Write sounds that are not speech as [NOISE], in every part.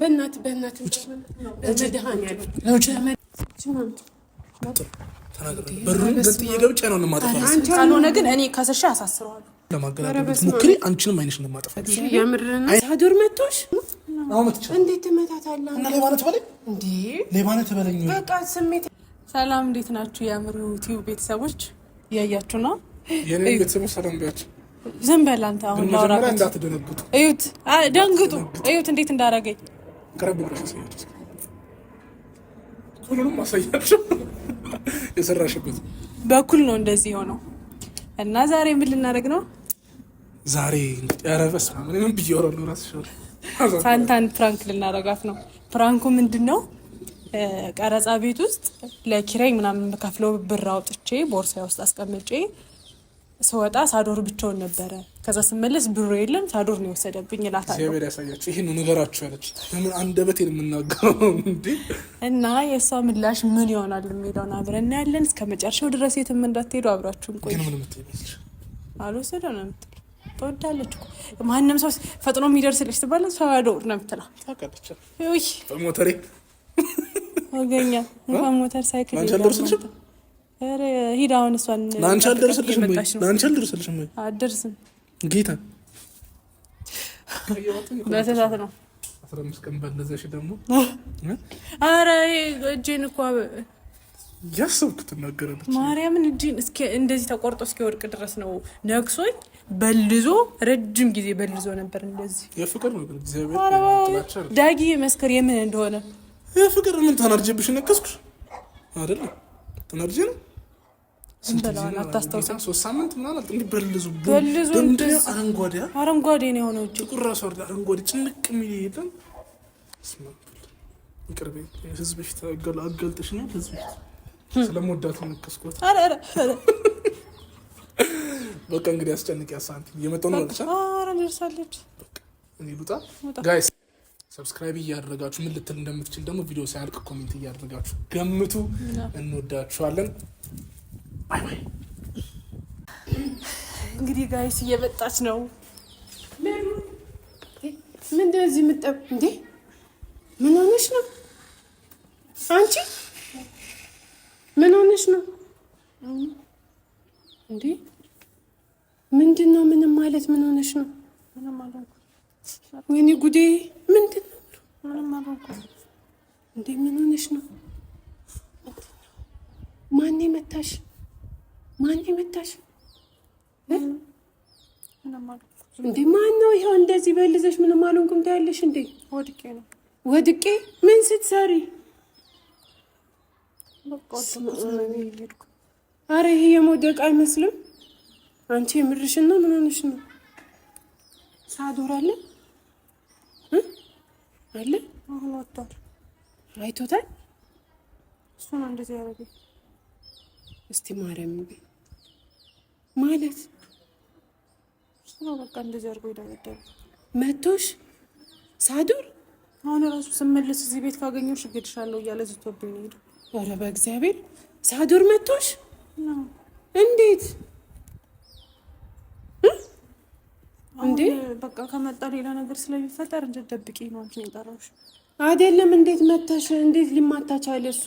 በእናትህ በእናትህ ግን እኔ ከስሼ አሳስረዋለሁ። ለማገላገል ሞክሪ፣ እንዴት ሰላም እንዴት ናችሁ? የምሩ ቲዩብ ቤተሰቦች እያያችሁ ነው። የኔ ቤተሰቦች ሰላም ቢያችሁ ዝም በል አንተ። አሁን ላውራ እንዳትደነግጡ። እዩት፣ ደንግጡ። እዩት እንዴት እንዳደረገኝ ቀረብ ብለሽ አሳያቸው። ሁሉንም አሳያቸው። የሰራሽበት በኩል ነው እንደዚህ የሆነው። እና ዛሬ ምን ልናደርግ ነው? ዛሬ ያረበስ በስመ አብ ምን ብዬሽ ሳንታን ፕራንክ ልናደርጋት ነው። ፕራንኩ ምንድን ነው? ቀረጻ ቤት ውስጥ ለኪራይ ምናምን ከፍለው ብር አውጥቼ ቦርሳ ውስጥ አስቀምጬ ስወጣ ሳዶር ብቻውን ነበረ። ከዛ ስመለስ ብሩ የለም ሳዶር ነው የወሰደብኝ እላታለሁ። እግዚአብሔር ይህን ያለች የምናገረው እንዲ እና የእሷ ምላሽ ምን ይሆናል የሚለውን አብረን እናያለን። እስከ መጨረሻው ድረስ የትም እንዳትሄዱ አብራችሁን ቆይ። አልወሰደ ነው ትወዳለች። ማንም ሰው ፈጥኖ የሚደርስልሽ ትባለ ሳዶር ነው ሞተሬ ወገኛ ሞተር ሳይክል ሂድ አሁን እሷን ለአንቺ አልደርስልሽም ወይ? ለአንቺ አልደርስልሽም ወይ? አልደርስም ጌታ ነው። አስራ አምስት ቀን ደግሞ ኧረ እጄን እኮ ያሰብኩ ትናገራለች። ማርያምን እጄን እንደዚህ ተቆርጦ እስኪወድቅ ድረስ ነው ነግሶኝ፣ በልዞ ረጅም ጊዜ በልዞ ነበር። እንደዚህ የፍቅር ነው እግዚአብሔር ዳጊ የምን እንደሆነ የፍቅር ምን ተናድጄብሽ ነከስኩሽ አይደለም ተናድጄ ነው ሳምንት አረንጓዴ ነው የሆነው ጥቁር ራሱ አረንጓዴ ጭንቅ የሚል የለም። ህዝብ ፊት ህዝብ ፊት [LAUGHS] በቃ እንግዲህ አስጨንቅ እየመጣሁ ነው። ሰብስክራይብ እያደረጋችሁ ምን ልትል እንደምትችል ደግሞ ቪዲዮ ሳያልቅ ኮሜንት እያደረጋችሁ ገምቱ። እንወዳችኋለን። እንግዲህ ጋይስ እየመጣች ነው። ምንድነው እዚህ የምጠብ እንዴ? ምን ሆነሽ ነው አንቺ? ምን ሆነሽ ነው እንዴ? ምንድን ነው ምንም ማለት ምን ሆነሽ ነው? ወይኔ ጉዴ! ምንድን ነው እንዴ? ምን ሆነሽ ነው? ማን መታሽ? ማን የመታሽ እንዴ? ማን ነው ይኸው እንደዚህ በልዘሽ ምንም አልሆንኩም ታያለሽ እንዴ? ወድቄ ነው ወድቄ። ምን ስትሰሪ? አረ ይሄ የመውደቅ አይመስልም። አንቺ የምርሽና ምን ሆነሽ ነው? ሳዶር አለ አለ አሁን ወጥቷል። አይቶታል። እሱ ነው እንደዚህ ያደረገ። እስቲ ማርያም ማለት ነው። በቃ እንደዚህ አድርጎ ይደበደብ መቶሽ ሳዱር አሁን ራሱ ስመለስ እዚህ ቤት ካገኘሁሽ እገድሻለሁ እያለ ዝቶብኝ ሄዱ። ኧረ በእግዚአብሔር ሳዱር መቶሽ እንዴት እንዴ! በቃ ከመጣ ሌላ ነገር ስለሚፈጠር እንድትደብቂ ነው አንቺ የጠራሁሽ አይደለም። እንዴት መታሽ? እንዴት ሊማታቻለ? እሱ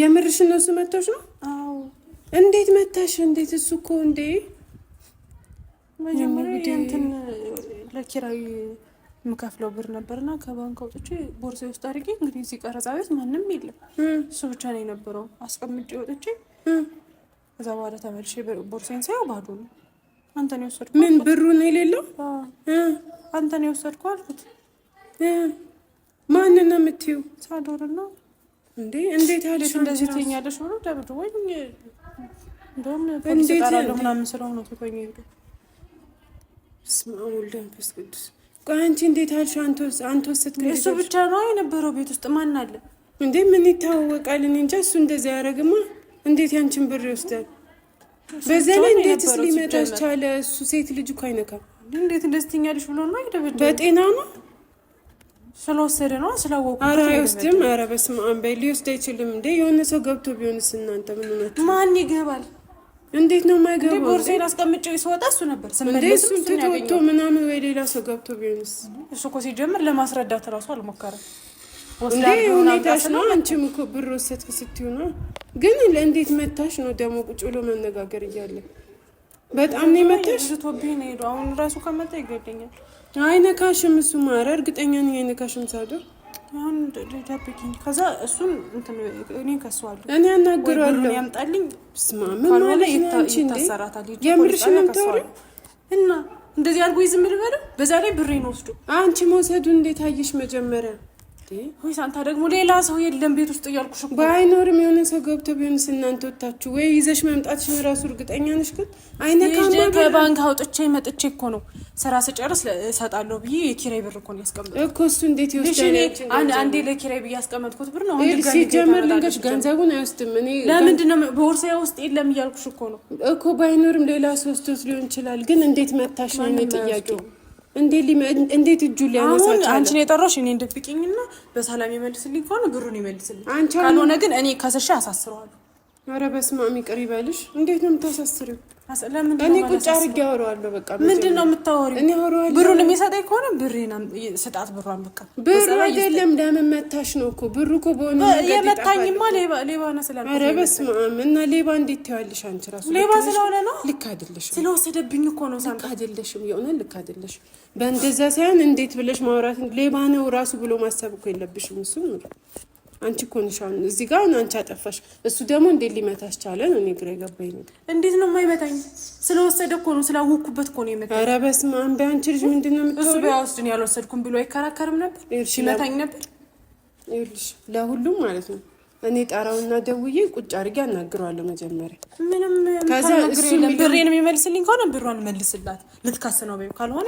የምርሽ እነሱ እሱ መቶሽ ነው? አዎ እንዴት መታሽ? እንዴት እሱ እኮ እንዴ መጀመሪያ እንትን ለኪራይ የምከፍለው ብር ነበርና ከባንክ አውጥቼ ቦርሳ ውስጥ አድርጌ እንግዲህ እዚህ ቀረጻ ቤት ማንም የለም እሱ ብቻ ነው የነበረው። አስቀምጬ ወጥቼ እዛ በኋላ ተመልሼ ቦርሴን ሳየው ባዶ ነው። አንተ ነው የወሰድኩ ምን ብሩ ነው የሌለው? አንተ ነው የወሰድኩ አልኩት። ማንን ነው የምትይው? ሳዶር ነው እንዴ? እንዴት ያለሽ እንደዚህ ትኛለሽ ብሎ ወይ ምናምን ስለው ነው ትቶኝ ሄዱ። እሱ ብቻ ነው የነበረው ቤት ውስጥ ማን አለ እንዴ? ምን ይታወቃል? እኔ እንጃ። እሱ እንደዚህ ያደረግማ እንዴት ያንቺን ብር ይወስዳል? በዛ ላይ እንዴትስ ሊመጣ ቻለ? እሱ ሴት ልጅ እኮ አይነካም። እንዴት እንደዚህ ትኛለሽ ብሎ ነው አይደበደ በጤና ነው ስለወሰደ ነው ስለወቁ። ኧረ አይወስድም። ኧረ በስመ አብ በይ። ሊወስድ አይችልም እንደ የሆነ ሰው ገብቶ ቢሆንስ እናንተ ምን ሆናችሁ? ማን ይገባል? እንዴት ነው የማይገባው? ቦርሴን አስቀምጬው ሲወጣ እሱ ነበር። እሱን ምናምን ወይ ሌላ ሰው ገብቶ ቢሆንስ? እሱ እኮ ሲጀምር ለማስረዳት እራሱ አልሞከረም። እንዴ ሁኔታሽ ነው። አንቺም እኮ ብር ወሰድክ ስትዩ ነው። ግን ለእንዴት መታሽ ነው ደግሞ ቁጭ ብሎ መነጋገር እያለ በጣም ነው የመታሽ። ዝቶብኝ ነው ሄዱ። አሁን ራሱ ከመጣ ይገደኛል። አይነካሽም። እሱማ ኧረ እርግጠኛ ነኝ አይነካሽም። ሳዶር አሁን ደብቂኝ። ከዛ እሱን እኔ ከሰዋለሁ፣ እኔ አናግረዋለሁ። ያምጣልኝ ስማምን ማለ ይታሰራታል። የምርሽን ምታወሪ እና እንደዚህ አድርጎ ይዝም ልበለው። በዛ ላይ ብሬን ወስዶ አንቺ መውሰዱ እንዴት አየሽ መጀመሪያ ወይስ ደግሞ ሌላ ሰው የለም ቤት ውስጥ እያልኩሽ እኮ ባይኖርም የሆነ ሰው ገብቶ ቢሆንስ እናንተ ወታችሁ ወይ ይዘሽ መምጣትሽን እራሱ እርግጠኛ ነሽ? ግን አይነ ከባንክ አውጥቼ መጥቼ እኮ ነው ስራ ስጨርስ እሰጣለሁ ብዬ የኪራይ ብር እኮ ነው ያስቀመጥኩት እኮ እሱ እንዴት ይወስዳል? አንዴ ለኪራይ ብዬ ያስቀመጥኩት ብር ነው ሲጀመር ልንገርሽ፣ ገንዘቡን አይወስድም። እኔ ለምንድን ነው ቦርሳ ውስጥ የለም እያልኩሽ እኮ ነው እኮ ባይኖርም ሌላ ሰው ወስዶት ሊሆን ይችላል። ግን እንዴት መታሽ ነው ጥያቄው እንዴት እጁ ሊያነሳ አንቺን የጠራሽ እኔ እንድትብቂኝና በሰላም ይመልስልኝ ከሆነ ብሩን ይመልስልኝ፣ ካልሆነ ግን እኔ ከስሻ አሳስረዋለሁ። ኧረ በስመ አብ ይቅር ይበልሽ። እንዴት ነው የምታሳስሪው? እኔ ቁጭ አድርጌ አወራዋለሁ። በቃ ምንድን ነው የምታወሪው? እኔ አወራዋለሁ። ብሩን የሚሰጠኝ ከሆነ ብሬን ስጣት። ብሯን በቃ ብሩ አይደለም። ለምን መታሽ ነው እኮ ብሩ እኮ በሆነ የመታኝማ ሌባ ነው ስላለ። ኧረ በስመ አብ እና ሌባ እንዴት ትይዋለሽ አንቺ? ራሱ ሌባ ስለሆነ ነው። ልክ አይደለሽም። ስለወሰደብኝ እኮ ነው። ልክ አይደለሽም። የሆነ ልክ አይደለሽም። በእንደዛ ሳይሆን እንዴት ብለሽ ማውራት ሌባ ነው ራሱ ብሎ ማሰብ እኮ የለብሽም እሱ አንቺ እኮ ነሽ አሁን እዚህ ጋር አንቺ አጠፋሽ። እሱ ደግሞ እንዴት ሊመታሽ ቻለ ነው እኔ ግራ የገባኝ። እንዴት ነው የማይመታኝ? ስለወሰደ እኮ ነው ስላወኩበት እኮ ነው የመታኝ። ኧረ በስመ አብ! አንቺ ልጅ ምንድን ነው እሱ ቢያወስድን ያልወሰድኩም ብሎ አይከራከርም ነበር? ይመታኝ ነበር። ይኸውልሽ ለሁሉም ማለት ነው እኔ ጠራውና ደውዬ ቁጭ አድርጌ አናግረዋለሁ። መጀመሪያ ምንም ብሬን የሚመልስልኝ ከሆነ ብሯን መልስላት። ልትካስ ነው ወይ ካልሆነ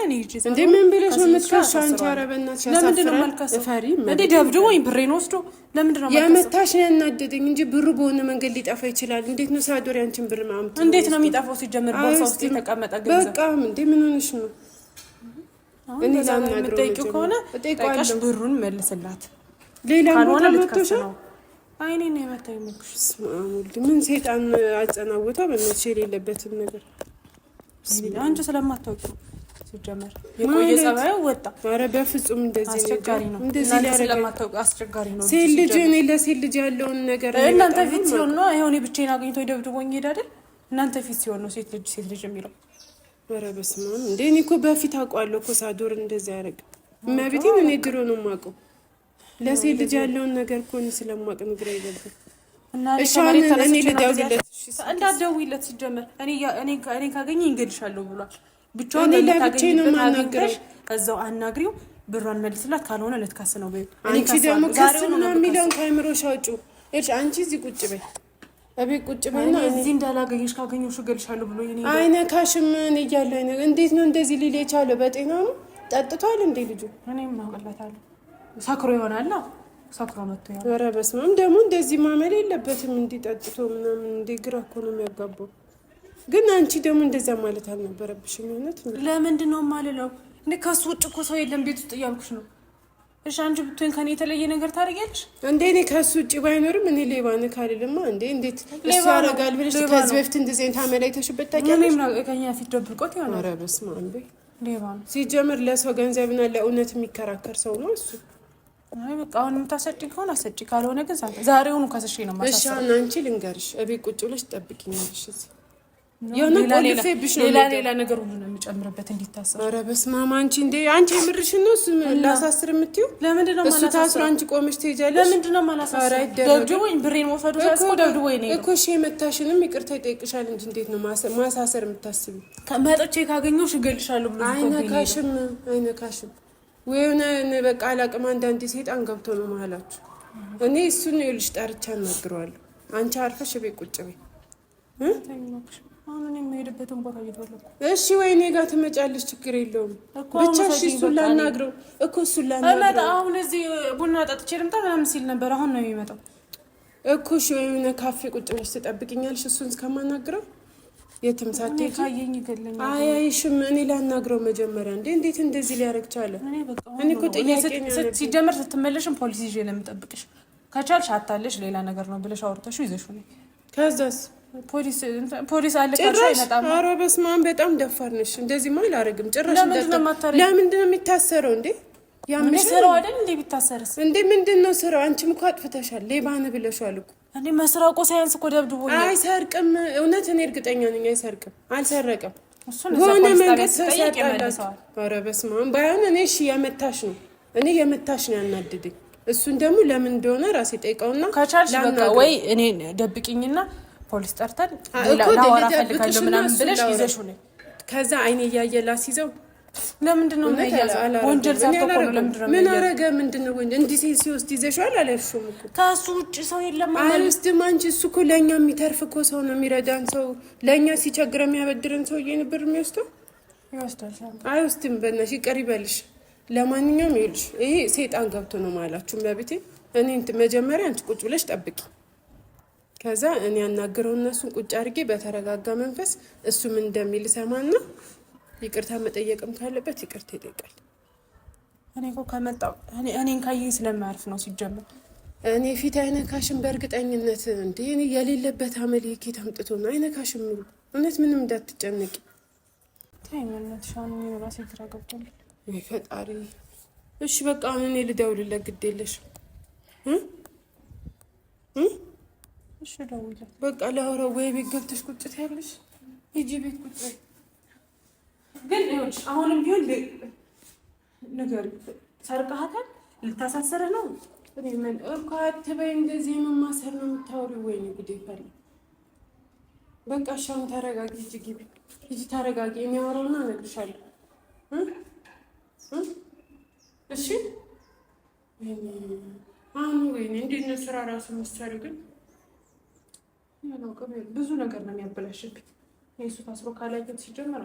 እንደ ምን ብለሽ ነው የምትካሽ? አንቺ ኧረ በእናትሽ ደብድቦኝ ብሬን ወስዶ ለምንድን ነው የመታሽ? ያናደደኝ እንጂ ብሩ በሆነ መንገድ ሊጠፋ ይችላል። እንዴት ነው ሳዶር ያንቺን ብር ማምት እንዴት ነው የሚጠፋው? ሲጀምር ቦርሳ ውስጥ የተቀመጠ ገንዘብ በቃ እንደ ምን ሆነሽ ነው? እኔ ላናግረው ከሆነ ጠይቀሽ ብሩን መልስላት። ሌላ ቦታ መቶሻል አይኔ ነው የመታ ይመክሽ ስማሙል ምን ሰይጣን አጸናውታ በእነሱ የሌለበትን ነገር አንቺ ስለማታውቂ ሲጀመር የቆየ ጸባዩ ወጣ። ኧረ በፍጹም እንደዚህ አስቸጋሪ ነው። እንደዚህ ስለማታውቂ አስቸጋሪ ነው። ሴት ልጅ እኔ ለሴት ልጅ ያለውን ነገር እናንተ ፊት ሲሆን ነው። ይሄኔ ብቻዬን አግኝቶ ደብድቦኝ ሄድ አይደል? እናንተ ፊት ሲሆን ነው ሴት ልጅ ሴት ልጅ የሚለው። ኧረ በስመ አብ እንዴ! እኔ እኮ በፊት አውቀዋለሁ እኮ ሳዶር እንደዚህ ያደርግ መቤቴን እኔ ድሮ ነው የማውቀው ለሴት ልጅ ያለውን ነገር እኮ እኔ ስለማውቅ ነው ግራ የገባኝ። እንዳትደውይለት ሲጀመር እኔ ካገኘ ይንገድሻለሁ ብሏል። ብቻውን ለብቻዬ ነው የማናግረው። እዛው አናግሪው፣ ብሯን መልስላት፣ ካልሆነ ልትከስ ነው በይው። አንቺ ደግሞ ከስ ምናምን የሚለውን ከአእምሮሽ አውጪው። ይኸውልሽ አንቺ እዚህ ቁጭ በይ እቤት ቁጭ በይና እዚህ እንዳላገኘሽ ካገኘሁሽ እገልሻለሁ ብሎ አይነካሽም እያለ እንዴት ነው እንደዚህ ሊል የቻለው? በጤና ነው ጠጥቷል እንዴ ልጁ? እኔም ማውቅለታለሁ ሰክሮ ይሆናል። ሰክሮ መጥቶ ያለ ኧረ በስመ አብ ደግሞ እንደዚህ ማመል የለበትም። እንዲጠጥቶ ምናምን እንዲግራ ግራ እኮ ነው የሚያጋባው። ግን አንቺ ደግሞ እንደዚያ ማለት አልነበረብሽም። እውነት ለምንድን ነው የማልለው? እንደ ከሱ ውጭ እኮ ሰው የለም ቤት ውስጥ እያልኩሽ ነው። እሺ አንቺ ብትሆን ከኔ የተለየ ነገር ታደርጊያለሽ እንዴ? እኔ ከሱ ውጭ ባይኖርም እኔ ሌባ ነህ ካልልማ እንዴ እንዴት እሱ ያደርጋል ብለሽ ከዚህ በፊት እንደዚህ አይነት አመል አይተሽበት ታውቂያለሽ? ከኛ ፊት ደብቆት ይሆናል። ኧረ በስመ አብ ሌባ ነው ሲጀምር። ለሰው ገንዘብና ለእውነት የሚከራከር ሰው ነው እሱ በቃ አሁን የምታሰጭኝ ከሆነ አሰጭ፣ ካልሆነ ግን ዛሬውኑ ከሰሽ ነው ማሳሰብ። እሺ አንቺ ልንገርሽ፣ እቤት ቁጭ ብለሽ ጠብቂኛለሽ። ሌላ ሌላ ነገር ሁሉ ነው እንዲታሰብ። ኧረ በስመ አብ! አንቺ እንደ አንቺ የምርሽን ነው እሱ ላሳስር የምትይው? ለምንድን ነው እሱ ታስሮ አንቺ ቆመሽ ትሄጃለሽ? ለምንድን ነው የማላሳስር? ደብድቦኝ ብሬን መውሰዱ ሳያስቆ ደብድቦኝ ነው እኮ። እሺ የመታሽንም ይቅርታ ይጠይቅሻል እንጂ እንዴት ነው ማሳሰር የምታስቢው? መጥቼ ካገኘሁሽ እገልሻለሁ ብሎ አይነካሽም፣ አይነካሽም ወይ የሆነ በቃ አላቅም። አንዳንዴ ሴጣን ገብቶ ነው መሀላችሁ። እኔ እሱን ይኸውልሽ ጠርቻ እናግረዋለሁ። አንቺ አርፈሽ ቤት ቁጭ በይ እሺ። ወይ እኔ ጋር ትመጫለሽ፣ ችግር የለውም ብቻ እሺ። እሱን ላናግረው እኮ እሱን ላናግረው። አሁን እዚህ ቡና ጠጥቼ ልምጣ ምናምን ሲል ነበር። አሁን ነው የሚመጣው እኮ። እሺ፣ ወይ የሆነ ካፌ ቁጭ ብለሽ ትጠብቅኛለሽ እሱን እስከማናግረው የትም ሳትሄጂ ካየኝ ይገለኛል። አያይሽም። እኔ ላናግረው መጀመሪያ። እንዴ እንዴት እንደዚህ ሊያደርግ ቻለ? እኔ እኮ ጥያቄ ሲጀመር ስትመለሽም ፖሊስ ይዤ ነው የምጠብቅሽ። ከቻልሽ አታለሽ ሌላ ነገር ነው ብለሽ አውርተሽው ይዘሽ ነው። ከዛስ ፖሊስ አለ ጭራሽ። ኧረ በስመ አብ በጣም ደፋር ነሽ። እንደዚህማ አላረግም ጭራሽ። ለምንድን ነው የሚታሰረው እንዴ? ያምሽ ስራው አይደል እንዴ? ቢታሰርስ እንዴ ምንድን ነው ስራው? አንቺም እኮ አጥፍተሻል። ሌባ ነህ ብለሻል እኮ እንዴ መስራቆ ሳይንስ እኮ ደብድቦኛል። አይሰርቅም። እውነት እኔ እርግጠኛ ነኝ አይሰርቅም፣ አልሰረቅም። በሆነ መንገድ ተሳጣላቸዋል። ኧረ በስመ አብ! ባይሆን እኔ እሺ የመታሽ ነው እኔ የመታሽ ነው ያናድድኝ። እሱን ደግሞ ለምን እንደሆነ ራሴ ጠይቀውና ከቻልሽ በቃ ወይ እኔ ደብቂኝና ፖሊስ ጠርተን ላወራ ፈልጋለሁ ምናምን ብለሽ ይዘሽ ነኝ ከዛ አይኔ እያየ ይዘው ለምንድን ነው ወንጀል ዛፍተኮነ ምን አረገ? ምንድን ነው ወንጀል? እንዲህ ሴት ሲወስድ ይዘሽዋል አልያሹም እኮ ከእሱ ውጭ ሰው የለም አልወስድም። አንቺ እሱ እኮ ለእኛ የሚተርፍ እኮ ሰው ነው የሚረዳን ሰው ለእኛ ሲቸግረ የሚያበድረን ሰው ነበር የሚወስደው። አይወስድም። በእናትሽ ይቅር ይበልሽ። ለማንኛውም ይኸውልሽ ይሄ ሴጣን ገብቶ ነው ማላችሁም በቤቴ እኔ መጀመሪያ አንቺ ቁጭ ብለሽ ጠብቂ ከዛ እኔ ያናግረው እነሱን ቁጭ አድርጌ በተረጋጋ መንፈስ እሱም እንደሚል ሰማና ይቅርታ መጠየቅም ካለበት ይቅርታ ይጠይቃል። እኔ እኮ ከመጣሁ እኔን ካየኝ ስለማያልፍ ነው ሲጀመር። እኔ ፊት አይነካሽም በእርግጠኝነት እንዴ! የሌለበት አመል የኬት አምጥቶ ነው? አይነካሽም። እውነት ምንም እንዳትጨነቂ። ታይመነት ራሴ ግራ ገብቶኛል። ፈጣሪ። እሺ በቃ አሁን እኔ ልደውልለት። ግድ የለሽም በቃ ላውራ ወይ ቤት ገብተሽ ቁጭት ያለሽ ሂጂ ቤት ቁጭ ግን ይኸውልሽ አሁንም ቢሆን ነገር ሰርቀሃታል፣ ልታሳስረህ ነው እኮ አትበይ። እንደዚህ የመማሰር ነው የምታወሪው? ወይኔ ጉዴ ፈላ። በቃ እሺ፣ አሁን ተረጋጊ፣ ሂጂ ግቢ፣ ሂጂ ተረጋጊ። የሚያወራውና እነግርሻለሁ። እሺ አሁን ወይኔ እንዴት ነው ስራ ራሱ መሰሪ? ግን ብዙ ነገር ነው የሚያበላሽብኝ የእሱ ታስሮ ካላየሁት ሲጀመር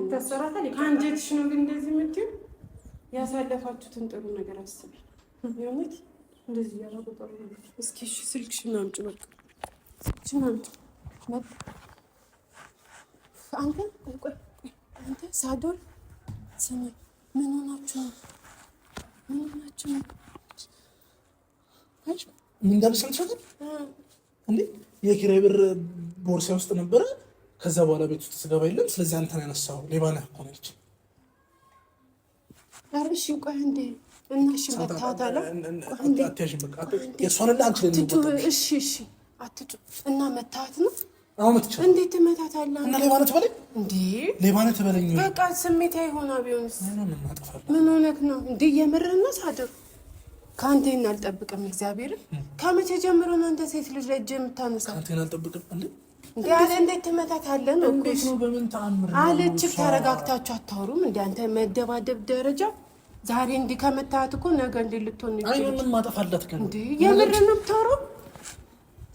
ይታሰራታል። ከአንጀትሽ ነው ግን እንደዚህ የምትይው። ያሳለፋችሁትን ጥሩ ነገር አስቢ። የእውነት እንደዚህ እያደረጉ ጥሩ ነገር። እስኪ ስልክሽን አምጪ፣ በቃ ስልክሽን አምጪ። አንተ አንተ ሳዶል ስሚ፣ ምን ሆናችሁ ነው? ምን ሆናችሁ ነው? እንዴ የኪራይ ብር ቦርሳ ውስጥ ነበረ። ከዛ በኋላ ቤት ውስጥ ስገባ የለም። ስለዚህ አንተን ያነሳው ሌባ ነህ እኮ ነው ያለችኝ። ኧረ እሺ ቆይ እንዴ እናሽ መታታለ የእሷንና አንቺ አትጩ እና መታት ነው እንዴት ትመታታለህ? እና ሌባ ነህ ትበለኝ እንዴ ሌባ ነህ ትበለኝ። በቃ ስሜታዊ ሆና ቢሆንስ ምን ሆነህ ነው እንዴ? የምርህን ነው ሳድር ከአንተ ይህን አልጠብቅም። እግዚአብሔርን ከመቼ ጀምሮ ነው አንተ ሴት ልጅ ላይ የምታነሳ? የምታነሳው? ከአንተ አለ አልጠብቅም እንዴ ያለ እንዴት ትመታታለህ ነው እኮ በምን ተአምር አለችህ? ተረጋግታችሁ አታወሩም እንዴ? አንተ መደባደብ ደረጃ ዛሬ እንዲህ ከመታሃት እኮ ነገ እንዲህ ልትሆን ይችላል። አይኑንም ማጠፋላት ግን እንዴ የምር ነው የምታወራው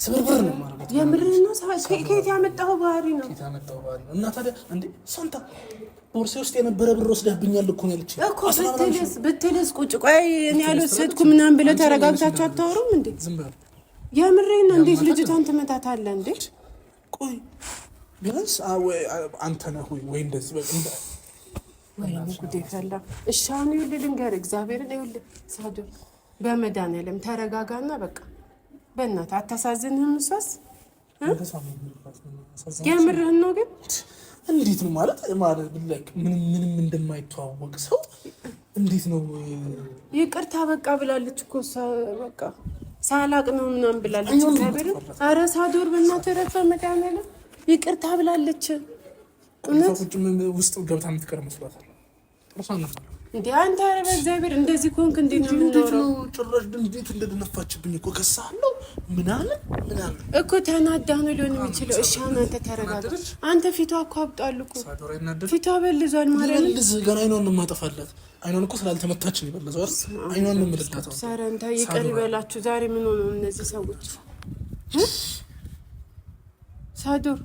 ስብርብር ነው የማደርገው። የምርህ ነው? ከየት ያመጣኸው ባህሪ ነው? ከየት ያመጣኸው ባህሪ ነው? እና ታዲያ እንደ ሳንታ ቦርሴ ውስጥ የነበረ ብር ወስደህብኛል እኮ ነው ያለችኝ እኮ። ብትልስ ብትልስ ቁጭ ቆይ፣ እኔ ያልወሰድኩም ምናምን ብለህ ተረጋግታችሁ አታወሩም እንዴ? ዝም በል። የምርህን ነው? እንዴት ልጅቷን ትመታታለህ እንዴ? ቆይ ቢያንስ አንተ ነህ ወይ እንደዚህ ወይኔ ጉዴ ፈላ። እሺ አሁን ይኸውልህ ልንገርህ፣ እግዚአብሔርን ይኸውልህ፣ ሳዶ በመድኃኒዓለም ተረጋጋና በቃ በእናት አታሳዝንህም? እሷስ የምርህን ነው ግን እንዴት ነው ማለት ማለት ምንም ምንም እንደማይተዋወቅ ሰው እንዴት ነው ይቅርታ በቃ ብላለች እኮ በቃ ሳላቅ ነው ምናምን ብላለች። እግዚአብሔር ኧረ ሳዶር በእናትህ ረፈ መዳመለ ይቅርታ ብላለች። ውስጥ ገብታ የምትቀር መስሏታል። እንዴ አንተ፣ አረ በእግዚአብሔር እንደዚህ ኮንክ እንዴት ነው እንዴት ነው ጭራሽ እንዴት እንደደነፋችብኝ እኮ ከሳለሁ ምናምን ምናምን እኮ ተናዳ ነው ሊሆን የሚችለው። እሺ አሁን አንተ ተረጋጋ። አንተ ፊቷ እኮ አብጧል እኮ ፊቷ በልዟል ማለት ነው። ልዝ ገና አይኗን ነው የማጠፋላት። አይኗን እኮ ስላልተመታች ነው የበለዘው። አይኗን ነው የምልላት። ኧረ አንተ ይቀር ይበላችሁ። ዛሬ ምን ሆነው እነዚህ ሰዎች ሳዶር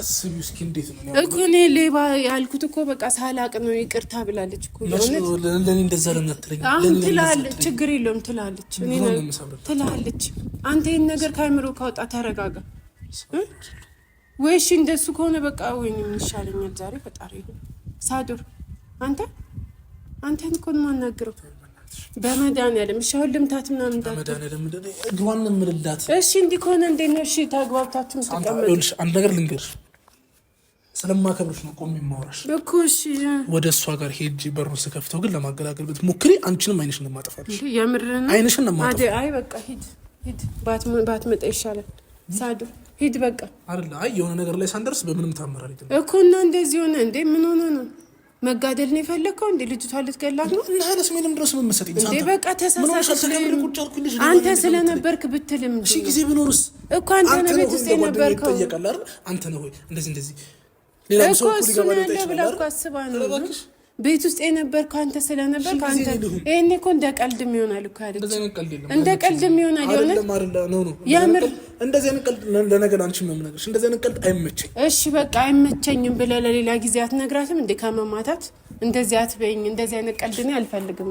አስቢ እስኪ እንዴት ነው እኮ እኔ ሌባ ያልኩት እኮ በቃ ሳላቅ ነው ይቅርታ ብላለች ለእኔ እንደዛ ለምናትለኝ አሁን ትላለች ችግር የለውም ትላለች ትላለች አንተ ይህን ነገር ከአይምሮ ካወጣ ተረጋጋ ወይሽ እንደሱ ከሆነ በቃ ወይ ይሻለኛል ዛሬ ፈጣሪ ሳዱር አንተ አንተን እኮ ነው የማናግረው በመድኃኒዓለም እሺ፣ አሁን ልምታት ምናምን ምልላት። እሺ፣ እንዲህ ከሆነ እንዴት ነው? እሺ፣ ተግባብታችሁ ትቀመጥ። አንድ ነገር ልንገርሽ፣ ስለማከብርሽ ነው ቆሜ የማወራሽ እኮ። እሺ፣ ወደ እሷ ጋር ሄጅ በሩን ስከፍተው ግን ለማገላገል ብትሞክሪ አንቺንም አይንሽን እንደማጠፋልሽ የምርን አይንሽን እንደማጠፋ። አይ በቃ ሂድ፣ ሂድ፣ ባትመጣ ይሻላል። ሳዱ ሂድ፣ በቃ አይደለ? አይ የሆነ ነገር ላይ ሳንደርስ በምንም ታመራል እኮ እና እንደዚህ ሆነ እንዴ? ምን ሆነ ነው መጋደል ነው የፈለግከው? እንደ ልጅቷ ልትገላት ነው። ምንም ድረስ በቃ ተሳሳትሽ። አንተ ስለነበርክ ብትልም ጊዜ ብኖርስ እኮ አንተ ነው ቤት ውስጥ የነበርከው እኮ እሱ ነው ያለ ብላ እኮ አስባ ነው ቤት ውስጥ የነበር ከአንተ ስለነበር ከአንተ ይሄኔ እኮ እንደ ቀልድም ይሆናል እኮ እንደ ቀልድም ይሆናል ይሆናል። የምር እንደዚህ ቀልድ ለነገር አንቺም የምነግርሽ። እንደዚህ አይነት ቀልድ አይመቸኝ። እሺ በቃ አይመቸኝም ብለህ ለሌላ ጊዜ አትነግራትም እንዴ? ከመማታት እንደዚህ አትበይኝ። እንደዚህ አይነት ቀልድ እኔ አልፈልግም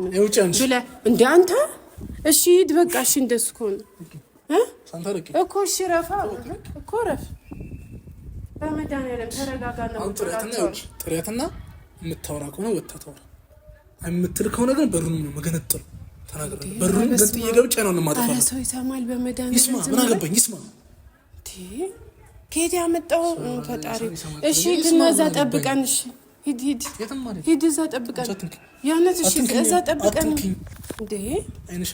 ብለህ እንደ አንተ እሺ ሂድ በቃ እሺ። እንደሱ ከሆነ እኮ እሺ ረፋ እኮ ረፍ። በመድኃኒዓለም ነው ጥሪያትና የምታወራ ከሆነ ወታ ታወራ የምትል ከሆነ ግን በሩን ነው መገነጠሉ ተናግረ በሩን ገንጥዬ ገብቼ ነው ሰው ይሰማል። ይስማ፣ ምን አገባኝ ይስማ ከየት ያመጣው ፈጣሪ። እሺ ግን እዛ ጠብቀን፣ እሺ ሂድ ሂድ ሂድ፣ እዛ ጠብቀን እሺ እዛ ጠብቀን እንዴ አይነሽ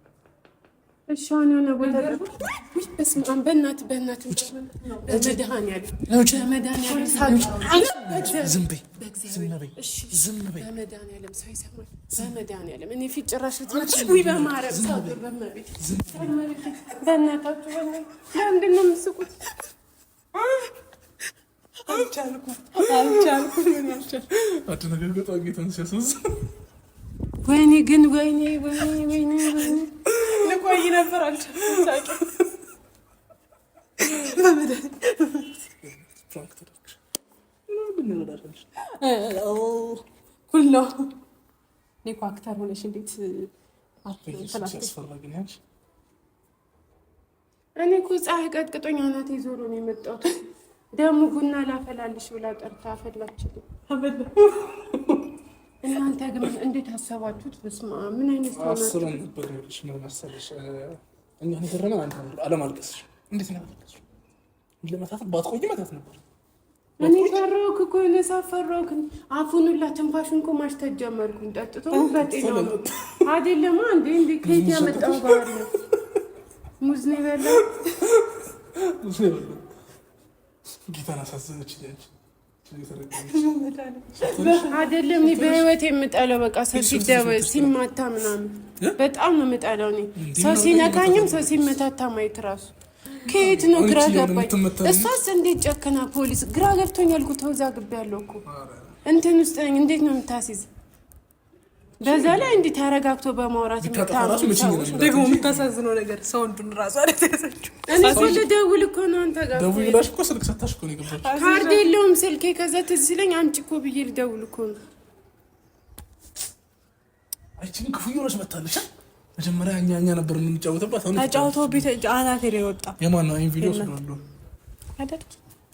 እሻን የሆነ ቦታ በስመ አብ በእናት በእናት በመድኃኒዓለም በመድኃኒዓለም እኔ ፊት ጭራሽ በማረብ በእናታችሁ ወይኔ ግን ወይኔ ወይኔ ወይኔ ቆይ ነበር አልቻልኩም። አክተር ሆነሽ እንዴት እኔ እኮ ፀሐይ ቀጥቅጦኝ አናቴ ዞሮ ነው የመጣሁት። ደግሞ ቡና ላፈላልሽ ብላ ጠርታ አፈላችልኝ። እናንተ ግን እንዴት አሰባችሁት? በስመ ምን አይነት አስበን ነበር። ይኸውልሽ ምን መሰለሽ እኛ ንገረና አንተ አለማልቀስሽ እንዴት ነው ያለቀስሽ? ለመታት ባትቆይ መታት ነበር። እኔ ፈራሁክ እኮ የነሳት ፈራሁክ። አፉን ሁላ ትንፋሹን እኮ ማሽተት ጀመርኩኝ። ጠጥቶ በጤና አይደለማ እንዴ እንዴ ከየት ያመጣው ባህል ነው? ሙዝ ነው የበላው። ጌታን አሳዘነች ያች አይደለም በህይወት የምጠለው በቃ ሰው ሲደበ- ሲማታ ምናምን በጣም ነው የምጠለው። እኔ ሰው ሲነካኝም ሰው ሲመታታ ማየት ራሱ ከየት ነው ግራ ገባኝ። እሷስ እንዴት ጨከና ፖሊስ ግራ ገብቶኛል እኮ ተወዛግቤያለሁ እኮ እንትን ውስጥ ነኝ። እንዴት ነው የምታስይዝ በዛ ላይ እንዲህ ተረጋግቶ በማውራት ደግሞ የምታሳዝነው ነገር ሰው እንዱን ራሱ አለተያዘችው። ልደውል እኮ ነው አንተ ጋር ደውላሽ እኮ ስልክ ሰታሽ እኮ ነው ካርድ የለውም ስልኬ። ከዛ ትዝ ሲለኝ አምጪ እኮ ብዬ ልደውል እኮ ነው። አይችን ክፉ እየሆነች መታለች። መጀመሪያ እኛ እኛ ነበር የምንጫወተባት። ተጫውቶ ቤት አናቴ ላይ ወጣ። የማን ነው ይሄን ቪዲዮ ስለ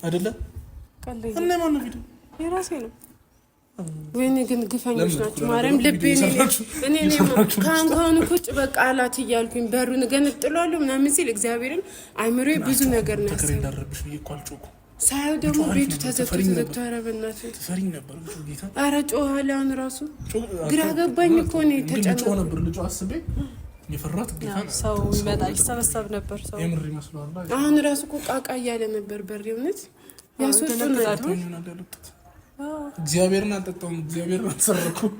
አይደለም? እና የማን ነው ቪዲዮ? የራሴ ነው ወይኔ ግን ግፈኞች ናቸው። ማርያም ልቤ እኔ ከአንኳን ቁጭ በቃ አላት እያልኩኝ በሩን እገነጥላለሁ ምናምን ሲል እግዚአብሔርን አይምሮ ብዙ ነገር ነው ሳየው ደግሞ ቤቱ ተዘግቶ ተዘግቶ፣ ኧረ በእናትህ ኧረ ጮኸ አለ። ራሱ ግራ ገባኝ እኮ እኔ ተጨነቅኩ። ሰው ይመጣል ይሰበሰብ ነበር ሰው። አሁን ራሱ እኮ ቃቃ እያለ ነበር በር እውነት ያስወጡ እግዚአብሔርን አልጠጣሁም። እግዚአብሔርን አልሰረኩም።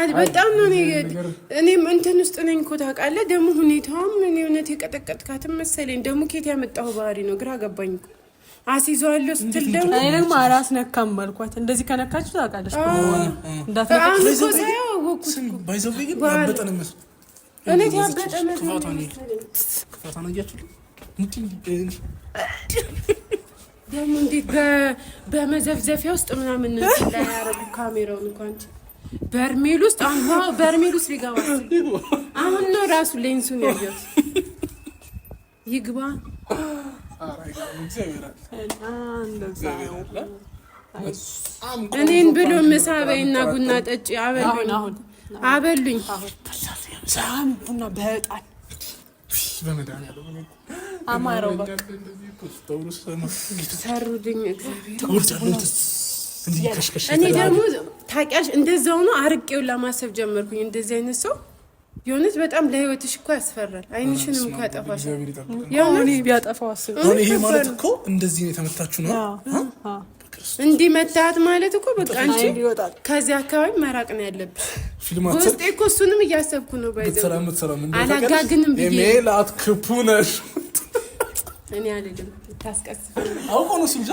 አይ በጣም ነው እኔ እኔም እንትን ውስጥ ነኝ እኮ ታውቃለህ። ደግሞ ሁኔታውም እኔ እውነት የቀጠቀጥካትም መሰለኝ። ደግሞ ኬት ያመጣሁ ባህሪ ነው ግራ ገባኝ እኮ አስይዘዋለሁ ስትል ደግሞ እኔ ደግሞ አራስ ነካም አልኳት። እንደዚህ ከነካችሁ ታውቃለች እንዳትነካ ደግሞ እንዴት በመዘፍዘፊያ ውስጥ ምናምን ያረጉ ካሜራውን እንኳን በርሜል ውስጥ አሁን በርሜል ውስጥ ሊገባ አሁን ነው ራሱ ሌንሱን ያየሁት። ይግባ እኔን ብሎ ምሳበይና ቡና ጠጪ አበሉኝ፣ አበሉኝ ቡና በጣም አማረው ሰሩድኝ። እኔ ደግሞ ታውቂያለሽ፣ እንደዛው ነው አርቄው ለማሰብ ጀመርኩኝ። እንደዚህ አይነት ሰው የእውነት በጣም ለህይወትሽ እኮ ያስፈራል። አይንሽንም እኮ ያጠፋሽ። ቢያጠፋው ይሄ ማለት እኮ እንደዚህ ነው የተመታችሁ ነው እንዲህ መታት ማለት እኮ በቃ አንቺ ከዚህ አካባቢ መራቅ ነው ያለብሽ። ውስጤ እኮ እሱንም እያሰብኩ ነው። ባይዘ አላጋግንም ብዬ ሜላት ክፑ ነሽ እኔ አልልም። ታስቀስበኝ አውቆ ነው ሲል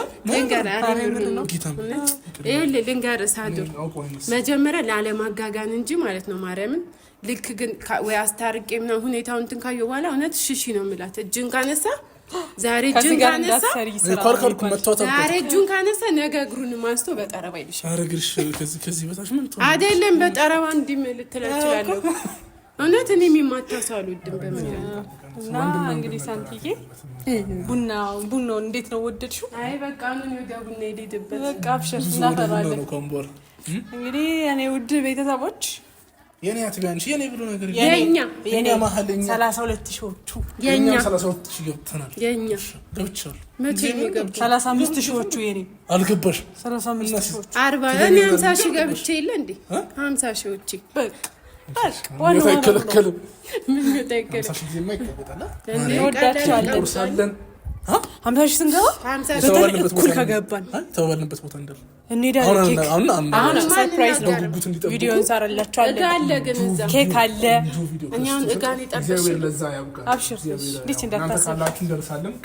ልንገርህ ሳዱር መጀመሪያ ላለማጋጋን እንጂ ማለት ነው ማርያምን ልክ ግን ወይ አስታርቄ ምናምን ሁኔታውን እንትን ካየሁ በኋላ እውነት ሽሺ ነው የምላት። እጅን ካነሳ ዛሬ እጁን ካነሳ ዛሬ እጁን ካነሳ ነገ እግሩን ማንስቶ በጠረባ ይልሻል። አይደለም በጠረባ እንዲህ ልትላት እችላለሁ። እውነት እኔ የሚማታ ሰው አልወድም በመ እና እንግዲህ ሳንቲዬ ቡና ቡናው እንዴት ነው ወደድሽው? አይ በቃ ምን ወዲያ ቡና ይደድበት በቃ አብሽር እናፈራለን። እንግዲህ እኔ ውድ ቤተሰቦች የኔ አትቢያንሽ የኔ ብሎ ነገር የኛ የኛ ማህል እኛ 32 ሺዎቹ የኛ 32 ሺህ ገብተናል። የኛ ገብቻለሁ። መቼ ነው ገብቻለሁ? 35 የኔ አልገባሽ 35 ሺዎቹ 40 እኔ 50 ሺህ ገብቼ የለ እንዴ 50 ሺዎቹ በቃ ሀምሳ ሺህ ከገባን ቦታ እንደርሳለን።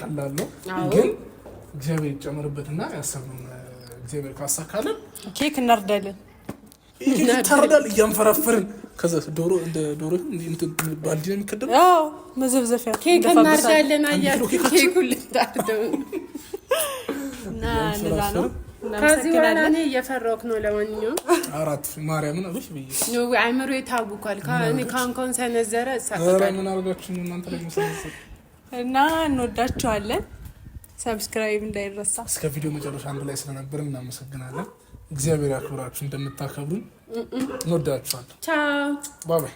ቀላል ነው ግን እግዚአብሔር ይጨምርበትና ያሰብነው እግዚአብሔር ካሳካለን ኬክ እናርዳለን። ይታረዳል እያንፈራፈርን ከዛ ዶሮ እንደ ዶሮ ባልዲ ነው መዘብዘፊያ ኬክ እናርዳለን። ከዚህ በኋላ እኔ እየፈራሁ ነው። ለማንኛውም አራት ማርያምን አይምሮ የታውቋል። ካንኮን ሰነዘረ ምን አርጋችሁ እናንተ ላይ እና እንወዳችኋለን። ሰብስክራይብ እንዳይረሳ። እስከ ቪዲዮ መጨረሻ አንድ ላይ ስለነበር እናመሰግናለን። እግዚአብሔር ያክብራችሁ እንደምታከብሩን እንወዳችኋለን።